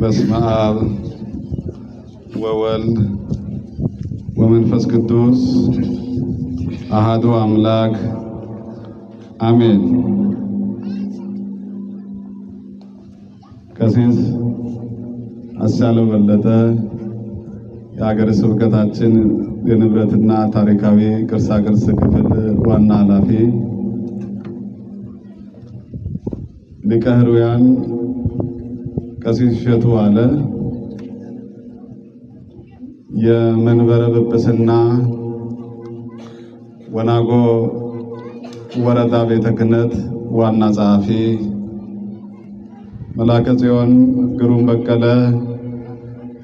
በስመ አብ ወወልድ ወመንፈስ ቅዱስ አሃዱ አምላክ አሜን። ቀሲስ አስቻለው በለጠ የሀገረ ስብከታችን የንብረትና ታሪካዊ ቅርሳቅርስ ክፍል ዋና ኃላፊ ሊቀ ሕሩያን ቀሲስ እሸቱ አለ የመንበረ ጵጵስና ወናጎ ወረዳ ቤተ ክህነት ዋና ጸሐፊ፣ መላከ ጽዮን ግሩም በቀለ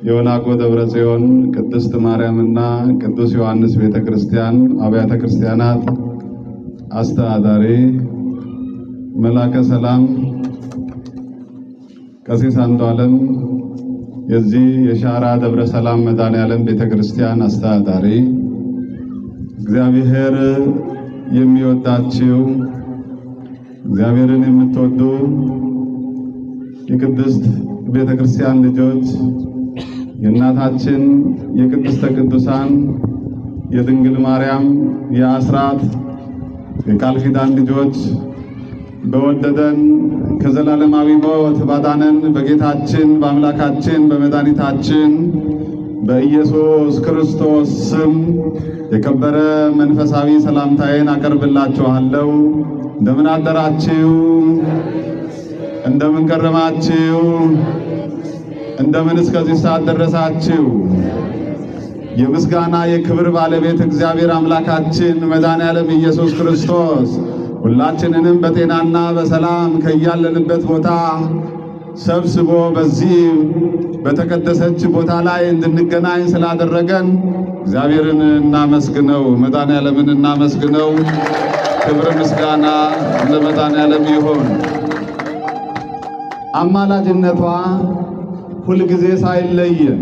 የወናጎ ደብረ ጽዮን ቅድስት ማርያምና ቅዱስ ዮሐንስ ቤተ ክርስቲያን አብያተ ክርስቲያናት አስተዳዳሪ፣ መላከ ሰላም ቀሲስ አንዱ ዓለም የዚህ የሻራ ደብረ ሰላም መድኃኔዓለም ቤተክርስቲያን አስተዳዳሪ፣ እግዚአብሔር የሚወዳችው እግዚአብሔርን የምትወዱ የቅድስት ክርስቲያን ልጆች የእናታችን የቅድስተ ቅዱሳን የድንግል ማርያም የአስራት የቃል ኪዳን ልጆች በወደደን ከዘላለማዊ ሞት ባዳነን በጌታችን በአምላካችን በመድኃኒታችን በኢየሱስ ክርስቶስ ስም የከበረ መንፈሳዊ ሰላምታዬን አቀርብላችኋለሁ። እንደምን አደራችሁ? እንደምን ከረማችሁ? እንደምን እስከዚህ ሰዓት ደረሳችሁ? የምስጋና የክብር ባለቤት እግዚአብሔር አምላካችን መድኃኔ ያለም ኢየሱስ ክርስቶስ ሁላችንንም በጤናና በሰላም ከያለንበት ቦታ ሰብስቦ በዚህ በተቀደሰች ቦታ ላይ እንድንገናኝ ስላደረገን እግዚአብሔርን እናመስግነው፣ መድኃኔዓለምን እናመስግነው። ክብር ምስጋና ለመድኃኔዓለም ይሁን። አማላጅነቷ ሁልጊዜ ሳይለየን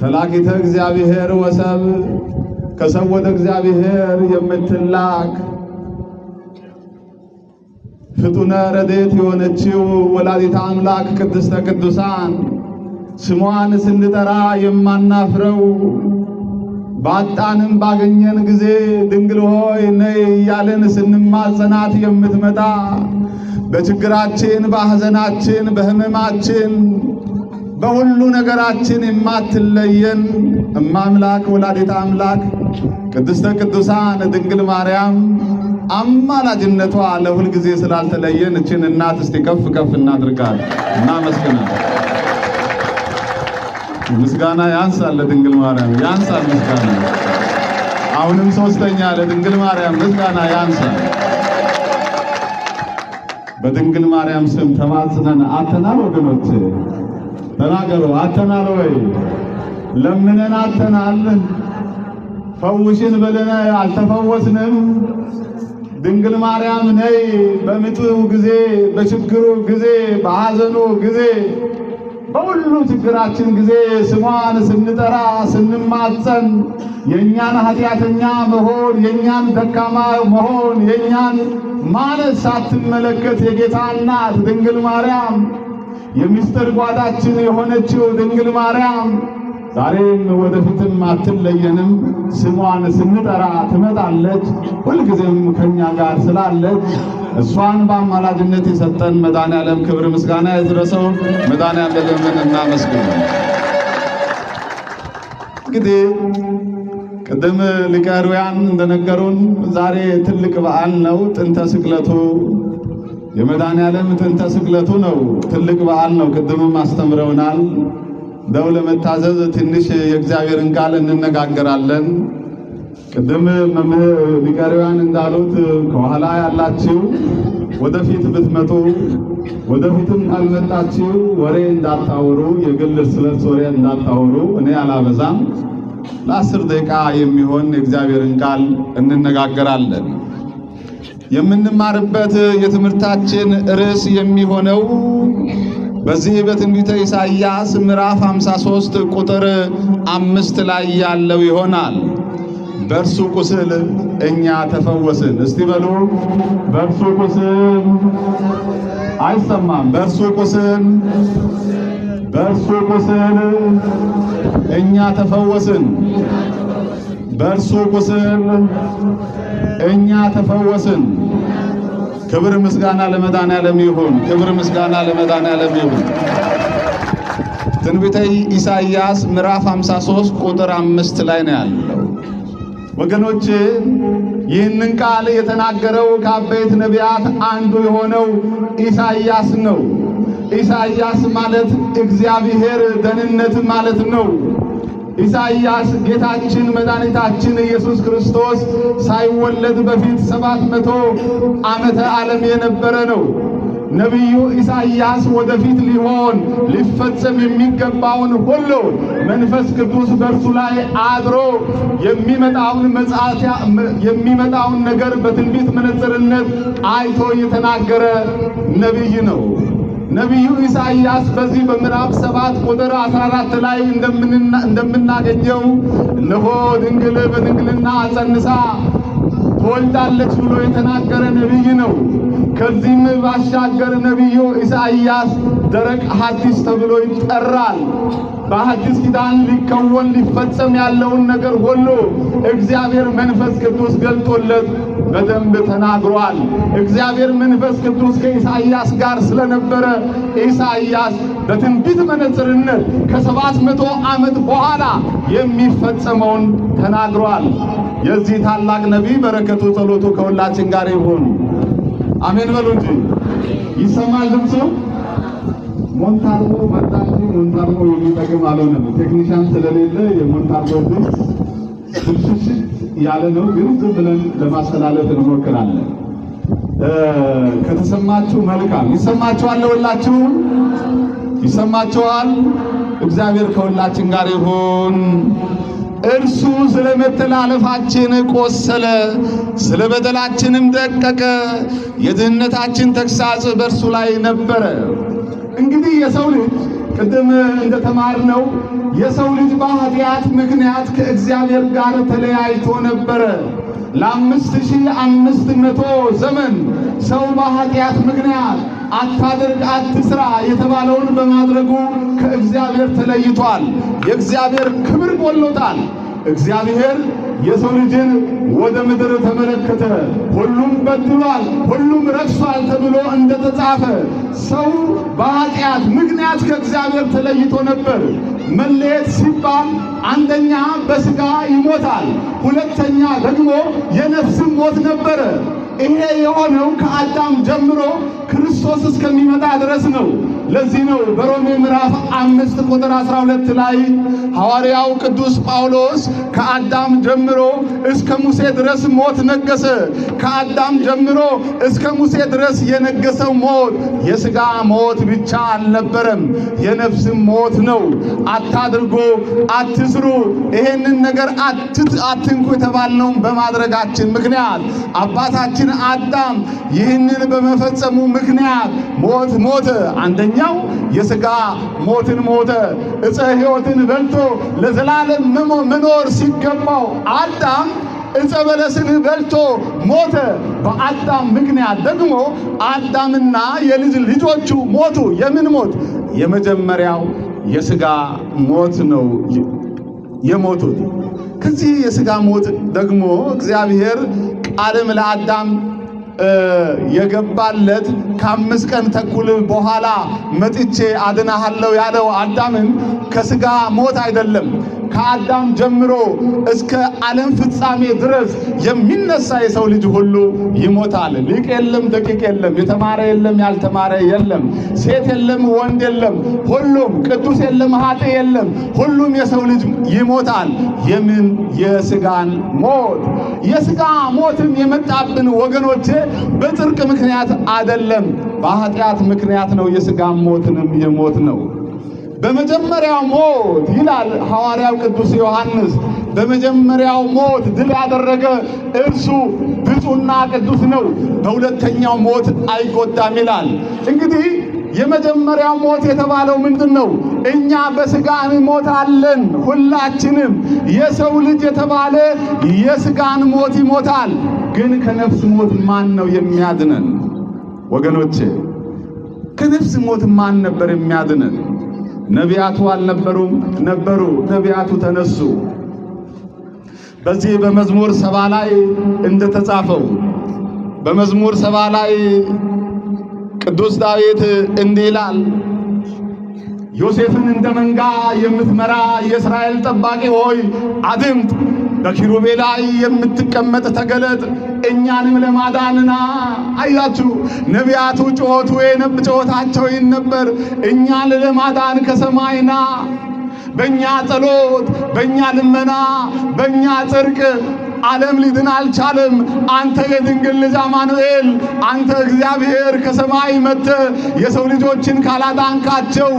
ተላኪተ እግዚአብሔር ወሰብ ከሰው ወደ እግዚአብሔር የምትላክ ፍጡነ ረድኤት የሆነችው ወላዲተ አምላክ ቅድስተ ቅዱሳን ስሟን ስንጠራ የማናፍረው ባጣንም ባገኘን ጊዜ ድንግል ሆይ ነይ እያልን ስንማጸናት የምትመጣ በችግራችን፣ በሐዘናችን፣ በሕመማችን፣ በሁሉ ነገራችን የማትለየን እማምላክ ወላዲተ አምላክ ቅድስተ ቅዱሳን ድንግል ማርያም አማላጅነቷ ለሁል ጊዜ ስላልተለየን እችን እናት እስቲ ከፍ ከፍ እናድርጋል እና መስገናል። ምስጋና ያንሳል ለድንግል ማርያም ያንሳል ምስጋና። አሁንም ሶስተኛ ለድንግል ማርያም ምስጋና ያንሳል። በድንግል ማርያም ስም ተማጽነን አተናል። ወገኖች ተናገሩ፣ አተናል ወይ ለምነን አተናል። ፈውሽን በለና አልተፈወስንም። ድንግል ማርያም ነይ በምጡ ጊዜ፣ በችግሩ ጊዜ፣ በሐዘኑ ጊዜ፣ በሁሉ ችግራችን ጊዜ ስሟን ስንጠራ ስንማጸን የእኛን ኃጢአተኛ መሆን የእኛን ደካማ መሆን የእኛን ማለት ሳትመለከት የጌታ እናት ድንግል ማርያም የምስጢር ጓዳችን የሆነችው ድንግል ማርያም ዛሬም ወደፊትም አትለየንም። ስሟን ስንጠራ ትመጣለች። ሁልጊዜም ከኛ ጋር ስላለች እሷን በአማላጅነት የሰጠን መድኃኔዓለም ክብር ምስጋና የደረሰው መድኃኔዓለምን እናመስግን። እንግዲህ ቅድም ሊቀ ሕሩያን እንደነገሩን ዛሬ ትልቅ በዓል ነው። ጥንተ ስቅለቱ የመድኃኔዓለም ጥንተ ስቅለቱ ነው። ትልቅ በዓል ነው። ቅድምም አስተምረውናል። እንደው ለመታዘዝ ትንሽ የእግዚአብሔርን ቃል እንነጋገራለን። ቅድም መምህር ሊቀሪያን እንዳሉት ከኋላ ያላችሁ ወደፊት ብትመጡ፣ ወደፊትም ካልመጣችሁ ወሬ እንዳታወሩ፣ የግል ስለት ወሬ እንዳታወሩ። እኔ አላበዛም። ለአስር ደቂቃ የሚሆን የእግዚአብሔርን ቃል እንነጋገራለን። የምንማርበት የትምህርታችን ርዕስ የሚሆነው በዚህ በትንቢተ ኢሳይያስ ምዕራፍ 53 ቁጥር አምስት ላይ ያለው ይሆናል። በእርሱ ቁስል እኛ ተፈወስን። እስቲ በሉ በእርሱ ቁስል አይሰማም። በእርሱ ቁስል በእርሱ ቁስል እኛ ተፈወስን። በእርሱ ቁስል እኛ ተፈወስን። ክብር ምስጋና ለመድኃኔዓለም ይሁን። ክብር ምስጋና ለመድኃኔዓለም ይሁን። ትንቢተ ኢሳይያስ ምዕራፍ 53 ቁጥር አምስት ላይ ነው ያለው። ወገኖች ይህንን ቃል የተናገረው ከአበይት ነቢያት አንዱ የሆነው ኢሳይያስ ነው። ኢሳይያስ ማለት እግዚአብሔር ደህንነት ማለት ነው። ኢሳይያስ ጌታችን መድኃኒታችን ኢየሱስ ክርስቶስ ሳይወለድ በፊት ሰባት መቶ ዓመተ ዓለም የነበረ ነው። ነቢዩ ኢሳይያስ ወደፊት ሊሆን ሊፈጸም የሚገባውን ሁሉ መንፈስ ቅዱስ በእርሱ ላይ አድሮ የሚመጣውን መጻፊያ የሚመጣውን ነገር በትንቢት መነጽርነት አይቶ የተናገረ ነቢይ ነው። ነቢዩ ኢሳይያስ በዚህ በምዕራፍ ሰባት ቁጥር 14 ላይ እንደምናገኘው እነሆ ድንግል በድንግልና አጸንሳ ትወልዳለች ብሎ የተናገረ ነቢይ ነው። ከዚህም ባሻገር ነቢዩ ኢሳይያስ ደረቅ ሐዲስ ተብሎ ይጠራል። በሐዲስ ኪዳን ሊከወን ሊፈጸም ያለውን ነገር ሁሉ እግዚአብሔር መንፈስ ቅዱስ ገልጦለት በደንብ ተናግሯል። እግዚአብሔር መንፈስ ቅዱስ ከኢሳይያስ ጋር ስለነበረ ኢሳይያስ በትንቢት መነጽርነት ከሰባት መቶ ዓመት በኋላ የሚፈጸመውን ተናግሯል። የዚህ ታላቅ ነቢይ በረከቱ ጸሎቱ ከሁላችን ጋር ይሁን። አሜን በሉ እንጂ ይሰማል ድምፁ። ሞንታርቦ መጣ እንጂ ሞንታርቦ የሚጠቅም አልሆነም። ቴክኒሻን ስለሌለ የሞንታርቦ ድምፅ ብሽሽት ያለ ነው፣ ግን ዝም ብለን ለማስተላለፍ እንሞክራለን። ከተሰማችሁ መልካም። ይሰማችኋል፣ ለሁላችሁ ይሰማችኋል። እግዚአብሔር ከሁላችን ጋር ይሁን። እርሱ ስለ መተላለፋችን ቆሰለ፣ ስለ በደላችንም ደቀቀ። የድህነታችን ተግሳጽ በእርሱ ላይ ነበረ። እንግዲህ የሰው ልጅ ቅድም እንደተማርነው የሰው ልጅ በኃጢአት ምክንያት ከእግዚአብሔር ጋር ተለያይቶ ነበረ። ለአምስት ሺህ አምስት መቶ ዘመን ሰው በኃጢአት ምክንያት አታድርግ፣ አትስራ የተባለውን በማድረጉ ከእግዚአብሔር ተለይቷል። የእግዚአብሔር ክብር ጎሎታል። እግዚአብሔር የሰው ልጅን ወደ ምድር ተመለከተ፣ ሁሉም በድሏል፣ ሁሉም ረክሷል ተብሎ እንደተጻፈ ሰው በኃጢአት ምክንያት ከእግዚአብሔር ተለይቶ ነበር። መለየት ሲባል አንደኛ በሥጋ ይሞታል፣ ሁለተኛ ደግሞ የነፍስም ሞት ነበረ። ይሄ የሆነው ከአዳም ጀምሮ ክርስቶስ እስከሚመጣ ድረስ ነው። ለዚህ ነው በሮሜ ምዕራፍ አምስት ቁጥር 12 ላይ ሐዋርያው ቅዱስ ጳውሎስ ከአዳም ጀምሮ እስከ ሙሴ ድረስ ሞት ነገሰ። ከአዳም ጀምሮ እስከ ሙሴ ድረስ የነገሰው ሞት የሥጋ ሞት ብቻ አልነበረም፣ የነፍስም ሞት ነው። አታድርጎ፣ አትስሩ፣ ይሄንን ነገር አትንኩ የተባልነውን በማድረጋችን ምክንያት አባታችን አዳም ይህንን በመፈጸሙ ምክንያት ሞት ሞተ። አንደኛው የሥጋ ሞትን ሞተ። እፀ ሕይወትን በልቶ ለዘላለም መኖር ሲገባው አዳም እፀ በለስን በልቶ ሞተ። በአዳም ምክንያት ደግሞ አዳምና የልጅ ልጆቹ ሞቱ። የምን ሞት? የመጀመሪያው የሥጋ ሞት ነው የሞቱት። ከዚህ የሥጋ ሞት ደግሞ እግዚአብሔር ቃልም ለአዳም የገባለት ከአምስት ቀን ተኩል በኋላ መጥቼ አድናሃለሁ ያለው አዳምን ከስጋ ሞት አይደለም ከአዳም ጀምሮ እስከ ዓለም ፍጻሜ ድረስ የሚነሳ የሰው ልጅ ሁሉ ይሞታል። ሊቅ የለም፣ ደቂቅ የለም፣ የተማረ የለም፣ ያልተማረ የለም፣ ሴት የለም፣ ወንድ የለም፣ ሁሉም ቅዱስ የለም፣ ኃጥእ የለም፣ ሁሉም የሰው ልጅ ይሞታል። የምን የስጋን ሞት። የስጋ ሞትም የመጣብን ወገኖቼ በጥርቅ ምክንያት አደለም፣ በኃጢአት ምክንያት ነው። የስጋ ሞትንም የሞት ነው በመጀመሪያው ሞት ይላል ሐዋርያው ቅዱስ ዮሐንስ። በመጀመሪያው ሞት ድል ያደረገ እርሱ ብፁና ቅዱስ ነው፣ በሁለተኛው ሞት አይጎዳም ይላል። እንግዲህ የመጀመሪያው ሞት የተባለው ምንድን ነው? እኛ በስጋ እንሞታለን። ሁላችንም የሰው ልጅ የተባለ የስጋን ሞት ይሞታል። ግን ከነፍስ ሞት ማን ነው የሚያድነን? ወገኖቼ ከነፍስ ሞት ማን ነበር የሚያድነን? ነቢያቱ አልነበሩም? ነበሩ። ነቢያቱ ተነሱ። በዚህ በመዝሙር ሰባ ላይ እንደተጻፈው በመዝሙር ሰባ ላይ ቅዱስ ዳዊት እንዲህ ይላል፣ ዮሴፍን እንደ መንጋ የምትመራ የእስራኤል ጠባቂ ሆይ አድምጥ በኪሩቤ ላይ የምትቀመጥ ተገለጥ፣ እኛንም ለማዳንና። አያችሁ ነቢያቱ ጩኸቱ ጩኸታቸው ነበር፣ እኛን ለማዳን ከሰማይና በእኛ ጸሎት፣ በእኛ ልመና፣ በእኛ ጽርቅ ዓለም ሊድን አልቻለም። አንተ የድንግል ልጅ አማኑኤል፣ አንተ እግዚአብሔር ከሰማይ መጥተ የሰው ልጆችን ካላዳንካቸው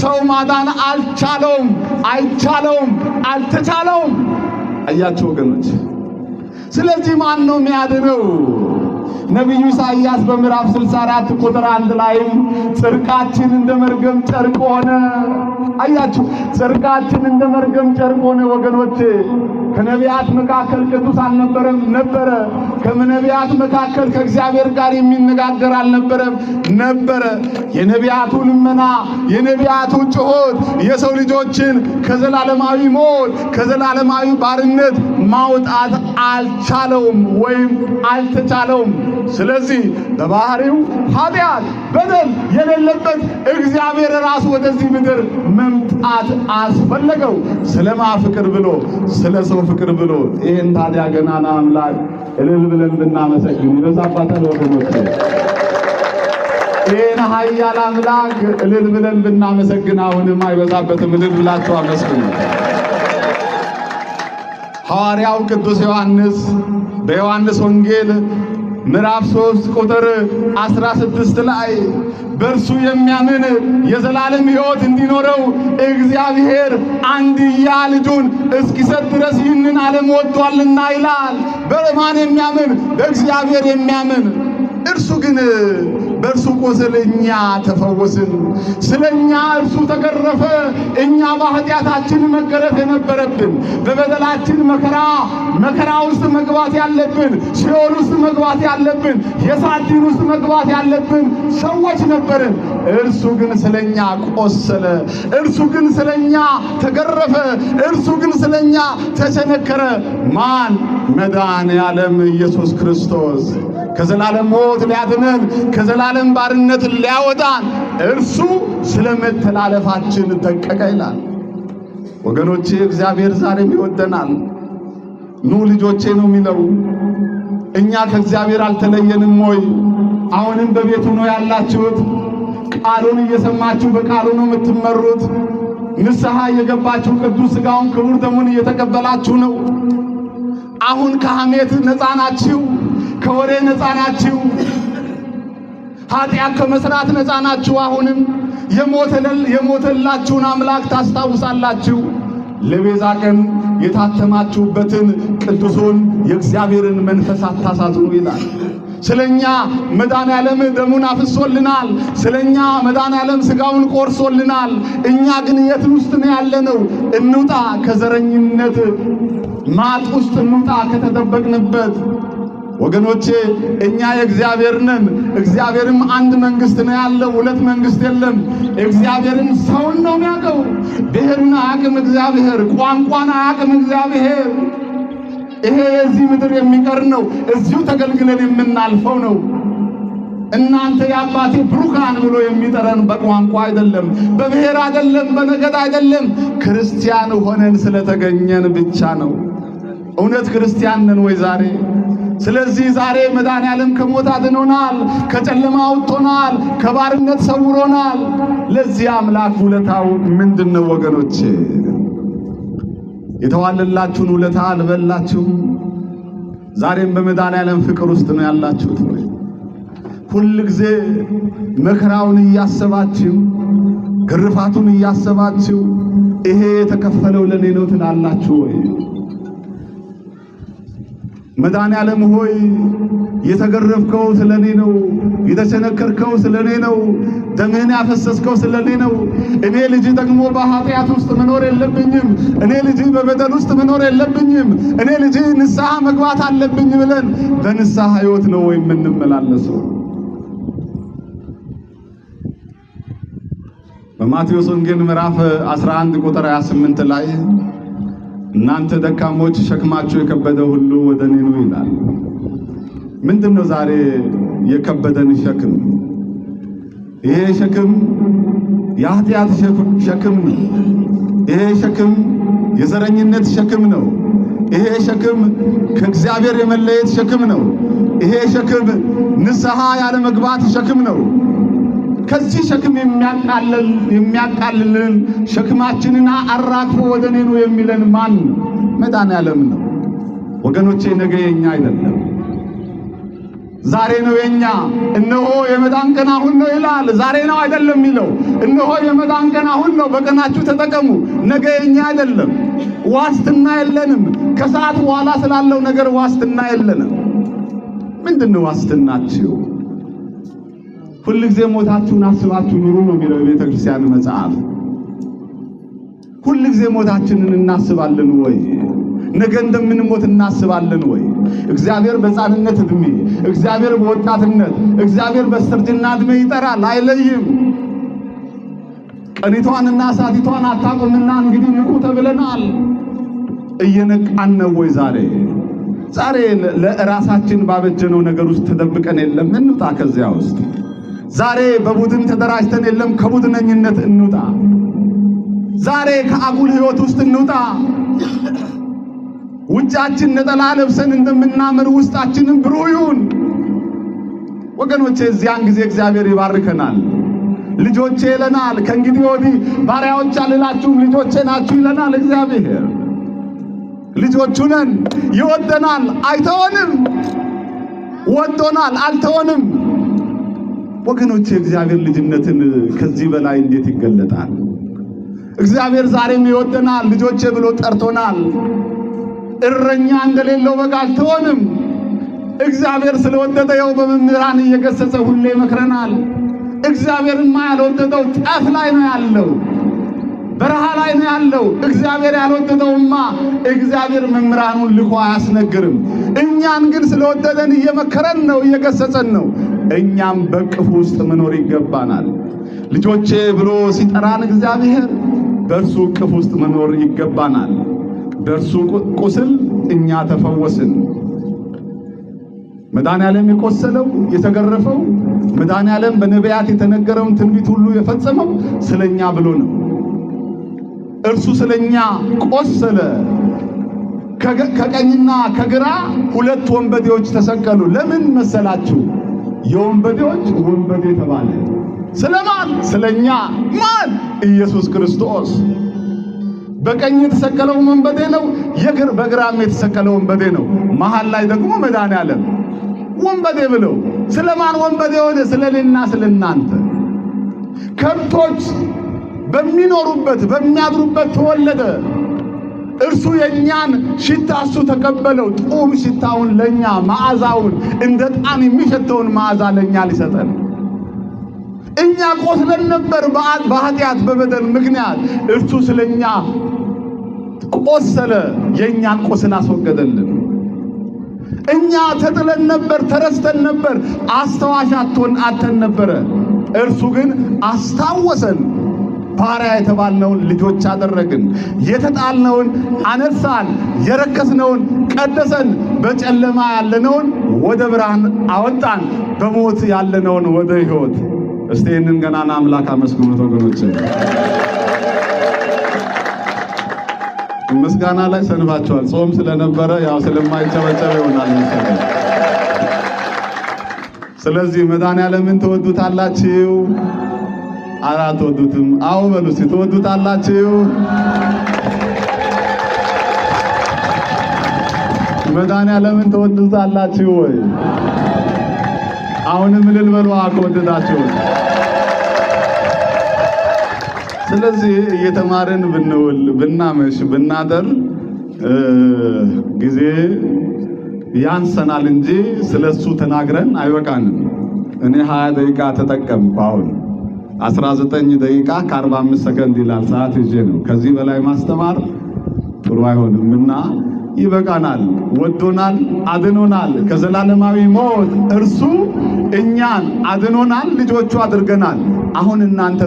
ሰው ማዳን አልቻለውም፣ አይቻለውም፣ አልተቻለውም። አያችሁ ወገኖች። ስለዚህ ማን ነው የሚያድነው? ነቢዩ ኢሳይያስ በምዕራፍ 64 ቁጥር አንድ ላይም ጽድቃችን እንደ መርገም ጨርቅ ሆነ አያችሁ፣ ጽድቃችን እንደ መርገም ጨርቅ ሆነ። ወገኖቼ ከነቢያት መካከል ቅዱስ አልነበረም ነበረ። ከነቢያት መካከል ከእግዚአብሔር ጋር የሚነጋገር አልነበረም ነበረ። የነቢያቱ ልመና፣ የነቢያቱ ጩኸት የሰው ልጆችን ከዘላለማዊ ሞት ከዘላለማዊ ባርነት ማውጣት አልቻለውም ወይም አልተቻለውም። ስለዚህ በባህሪው ኃጢአት፣ በደል የሌለበት እግዚአብሔር ራሱ ወደዚህ ምድር መምጣት አስፈለገው። ስለ ፍቅር ብሎ ስለ ሰው ፍቅር ብሎ። ይህን ታዲያ ገናና አምላክ እልል ብለን ብናመሰግን ይበዛባታል ወገኖች። ይህን ኃያል አምላክ እልል ብለን ብናመሰግን አሁንም አይበዛበትም። እልል ብላችሁ አመስግኑ። ሐዋርያው ቅዱስ ዮሐንስ በዮሐንስ ወንጌል ምዕራፍ 3 ቁጥር 16 ላይ በእርሱ የሚያምን የዘላለም ሕይወት እንዲኖረው እግዚአብሔር አንድያ ልጁን እስኪሰጥ ድረስ ይህንን ዓለም ወጥቷልና ይላል። በማን የሚያምን? በእግዚአብሔር የሚያምን እርሱ ግን በእርሱ ቁስል እኛ ተፈወስን። ስለ እኛ እርሱ ተገረፈ። እኛ በኃጢአታችን መገረፍ የነበረብን በበደላችን መከራ መከራ ውስጥ መግባት ያለብን ሲኦል ውስጥ መግባት ያለብን የሳዲን ውስጥ መግባት ያለብን ሰዎች ነበርን። እርሱ ግን ስለኛ ቆሰለ። እርሱ ግን ስለኛ ተገረፈ። እርሱ ግን ስለኛ ተቸነከረ። ማን? መድኃኔ ዓለም ኢየሱስ ክርስቶስ። ከዘላለም ሞት ሊያድነን ከዘላለም ባርነት ሊያወጣን እርሱ ስለ መተላለፋችን ደቀቀ ይላል። ወገኖቼ እግዚአብሔር ዛሬም ይወደናል። ኑ ልጆቼ ነው የሚለው። እኛ ከእግዚአብሔር አልተለየንም ወይ? አሁንም በቤቱ ነው ያላችሁት። ቃሉን እየሰማችሁ በቃሉ ነው የምትመሩት። ንስሐ እየገባችሁ ቅዱስ ሥጋውን ክቡር ደሙን እየተቀበላችሁ ነው። አሁን ከሐሜት ነፃ ናችሁ። ከወሬ ነፃ ናችሁ። ኃጢአት ከመስራት ነፃ ናችሁ። አሁንም የሞተላችሁን አምላክ ታስታውሳላችሁ። ለቤዛ ቀን የታተማችሁበትን ቅዱሱን የእግዚአብሔርን መንፈስ አታሳዝኑ ይላል። ስለኛ መዳን ዓለም ደሙን አፍሶልናል። ስለኛ መዳን ዓለም ስጋውን ቆርሶልናል። እኛ ግን የት ውስጥ ነው ያለነው? እንውጣ ከዘረኝነት ማጥ ውስጥ እንውጣ ከተጠበቅንበት ወገኖቼ እኛ የእግዚአብሔር ነን። እግዚአብሔርም አንድ መንግስት ነው ያለው፣ ሁለት መንግስት የለም። እግዚአብሔርም ሰውን ነው የሚያውቀው። ብሔርን አያውቅም እግዚአብሔር፣ ቋንቋን አያውቅም እግዚአብሔር። ይሄ የዚህ ምድር የሚቀር ነው፣ እዚሁ ተገልግለን የምናልፈው ነው። እናንተ የአባቴ ብሩካን ብሎ የሚጠረን በቋንቋ አይደለም፣ በብሔር አይደለም፣ በነገድ አይደለም፣ ክርስቲያን ሆነን ስለተገኘን ብቻ ነው። እውነት ክርስቲያን ነን ወይ ዛሬ? ስለዚህ ዛሬ መድኃኔዓለም ከሞት አድኖናል፣ ከጨለማ አውጥቶናል፣ ከባርነት ሰውሮናል። ለዚህ አምላክ ውለታው ምንድን ነው የተዋለላችሁን ውለታ አልበላችሁም። ዛሬም በመድኃኔዓለም ፍቅር ውስጥ ነው ያላችሁት። ሁል ጊዜ መከራውን እያሰባችሁ ግርፋቱን እያሰባችሁ ይሄ የተከፈለው ለኔ ነው ትላላችሁ ወይ? መድኃኔ ዓለም ሆይ የተገረፍከው ስለ እኔ ነው፣ የተቸነከርከው ስለ እኔ ነው፣ ደምህን ያፈሰስከው ስለ እኔ ነው። እኔ ልጅ ደግሞ በኃጢአት ውስጥ መኖር የለብኝም፣ እኔ ልጅ በበደል ውስጥ መኖር የለብኝም እኔ ልጅ ንስሐ መግባት አለብኝ ብለን በንስሐ ሕይወት ነው ወይ የምንመላለሰው? በማቴዎስ ወንጌል ምዕራፍ 11 ቁጥር 28 ላይ እናንተ ደካሞች ሸክማችሁ የከበደ ሁሉ ወደ እኔ ኑ ይላል። ምንድን ነው ዛሬ የከበደን ሸክም? ይሄ ሸክም የኃጢአት ሸክም ነው። ይሄ ሸክም የዘረኝነት ሸክም ነው። ይሄ ሸክም ከእግዚአብሔር የመለየት ሸክም ነው። ይሄ ሸክም ንስሐ ያለመግባት ሸክም ነው። ከዚህ ሸክም የሚያቃልልን ሸክማችንን አራግፎ ወደ እኔ ነው የሚለን ማን ነው? መድኃኔዓለም ነው። ወገኖቼ ነገ የኛ አይደለም፣ ዛሬ ነው የኛ። እነሆ የመዳን ቀን አሁን ነው ይላል። ዛሬ ነው አይደለም የሚለው። እነሆ የመዳን ቀን አሁን ነው፣ በቀናችሁ ተጠቀሙ። ነገ የኛ አይደለም። ዋስትና የለንም። ከሰዓት በኋላ ስላለው ነገር ዋስትና የለንም። ምንድን ነው ዋስትናችሁ? ሁል ጊዜ ሞታችሁን አስባችሁ ኑሩ ነው የሚለው የቤተ ክርስቲያን መጽሐፍ። ሁል ጊዜ ሞታችንን እናስባለን ወይ? ነገ እንደምንሞት እናስባለን ወይ? እግዚአብሔር በሕፃንነት እድሜ፣ እግዚአብሔር በወጣትነት፣ እግዚአብሔር በስተርጅና እድሜ ይጠራል፣ አይለይም። ቀኒቷንና ሳቲቷን አታውቁምና እንግዲህ ንቁ ተብለናል። እየነቃን ነው ወይ ዛሬ? ዛሬ ለራሳችን ባበጀነው ነገር ውስጥ ተደብቀን የለም። እንውጣ ከዚያ ውስጥ። ዛሬ በቡድን ተደራጅተን የለም ከቡድነኝነት እንውጣ። ዛሬ ከአጉል ህይወት ውስጥ እንውጣ። ውጫችን ነጠላ ለብሰን እንደምናምር ውስጣችንን ብሩህ ይሁን። ወገኖቼ እዚያን ጊዜ እግዚአብሔር ይባርከናል። ልጆቼ ይለናል። ከእንግዲህ ወዲህ ባሪያዎች አልላችሁም ልጆቼ ናችሁ ይለናል እግዚአብሔር። ልጆቹ ነን። ይወደናል፣ አይተወንም። ወዶናል፣ አልተወንም። ወገኖች የእግዚአብሔር ልጅነትን ከዚህ በላይ እንዴት ይገለጣል? እግዚአብሔር ዛሬም ይወደናል፣ ልጆቼ ብሎ ጠርቶናል። እረኛ እንደሌለው በግ ተሆንም እግዚአብሔር ስለወደደው ይኸው በመምህራን እየገሰጸ ሁሌ ይመክረናል። እግዚአብሔርማ ያልወደደው ጠፍ ላይ ነው ያለው፣ በረሃ ላይ ነው ያለው። እግዚአብሔር ያልወደደውማ እግዚአብሔር መምህራኑን ልኮ አያስነግርም። እኛን ግን ስለወደደን እየመከረን ነው፣ እየገሰጸን ነው። እኛም በቅፍ ውስጥ መኖር ይገባናል። ልጆቼ ብሎ ሲጠራን እግዚአብሔር በእርሱ እቅፍ ውስጥ መኖር ይገባናል። በእርሱ ቁስል እኛ ተፈወስን። መድኃኔዓለም የቆሰለው የተገረፈው፣ መድኃኔዓለም በነቢያት የተነገረውን ትንቢት ሁሉ የፈጸመው ስለኛ ብሎ ነው። እርሱ ስለኛ ቆሰለ። ከቀኝና ከግራ ሁለት ወንበዴዎች ተሰቀሉ። ለምን መሰላችሁ? የወንበዴዎች ወንበዴ ተባለ። ስለማን? ስለኛ። ማን? ኢየሱስ ክርስቶስ። በቀኝ የተሰቀለው ወንበዴ ነው፣ የግር በግራም የተሰቀለው ወንበዴ ነው። መሃል ላይ ደግሞ መዳን ዓለም ወንበዴ ብለው። ስለማን ወንበዴ ሆነ? ስለኔና ስለናንተ። ከብቶች በሚኖሩበት በሚያድሩበት ተወለደ። እርሱ የእኛን ሽታ እሱ ተቀበለው። ጥዑም ሽታውን ለእኛ መዓዛውን እንደ ጣን የሚሸተውን መዓዛ ለእኛ ሊሰጠን እኛ ቆስለን ነበር በኃጢአት በበደል ምክንያት እርሱ ስለኛ ቆሰለ፣ የእኛን ቆስን አስወገደልን። እኛ ተጥለን ነበር፣ ተረስተን ነበር፣ አስታዋሽ አተን ነበረ። እርሱ ግን አስታወሰን። ባሪያ የተባልነውን ልጆች አደረግን። የተጣልነውን አነሳን፣ የረከስነውን ቀደሰን፣ በጨለማ ያለነውን ወደ ብርሃን አወጣን፣ በሞት ያለነውን ወደ ሕይወት። እስቲ ይህንን ገናና አምላክ አመስግኑት ወገኖችን። ምስጋና ላይ ሰንባቸዋል። ጾም ስለነበረ ያው ስለማይጨበጨበ ይሆናል መሰለኝ። ስለዚህ መድኃኔዓለምን ትወዱታላችሁ። አላትወዱትም? አዎ በሉ እስኪ ትወዱታላችሁ። መድኃኒዓለምን ትወዱታላችሁ ወይ? አሁንም እልል በሉ ከወደዳችሁ። ስለዚህ እየተማርን ብንውል ብናመሽ ብናደር ጊዜ ያንሰናል እንጂ ስለሱ ተናግረን አይበቃንም። እኔ ሀያ ደቂቃ ተጠቀምኩ አሁን። 19 ደቂቃ ከ45 ሰከንድ ይላል። ሰዓት ይዜ ነው። ከዚህ በላይ ማስተማር ጥሩ አይሆንም እና ይበቃናል። ወዶናል፣ አድኖናል ከዘላለማዊ ሞት። እርሱ እኛን አድኖናል፣ ልጆቹ አድርገናል። አሁን እናንተ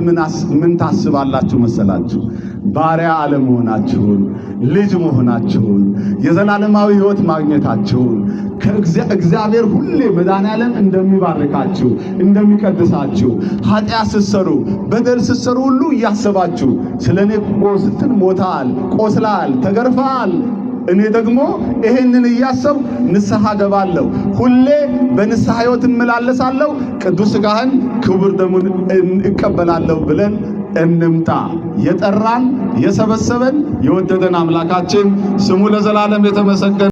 ምን ታስባላችሁ መሰላችሁ? ባሪያ አለመሆናችሁን ልጅ መሆናችሁን የዘላለማዊ ሕይወት ማግኘታችሁን ከእግዚአብሔር ሁሌ መድኃኔዓለም እንደሚባርካችሁ እንደሚቀድሳችሁ ኃጢአት ስትሰሩ በደል ስትሰሩ ሁሉ እያሰባችሁ ስለ እኔ ቆስትን ሞታል፣ ቆስላል፣ ተገርፋል እኔ ደግሞ ይሄንን እያሰብ ንስሐ ገባለሁ። ሁሌ በንስሐ ሕይወት እመላለሳለሁ፣ ቅዱስ ሥጋህን ክቡር ደሙን እቀበላለሁ ብለን እንምጣ። የጠራን የሰበሰበን የወደደን አምላካችን ስሙ ለዘላለም የተመሰገነ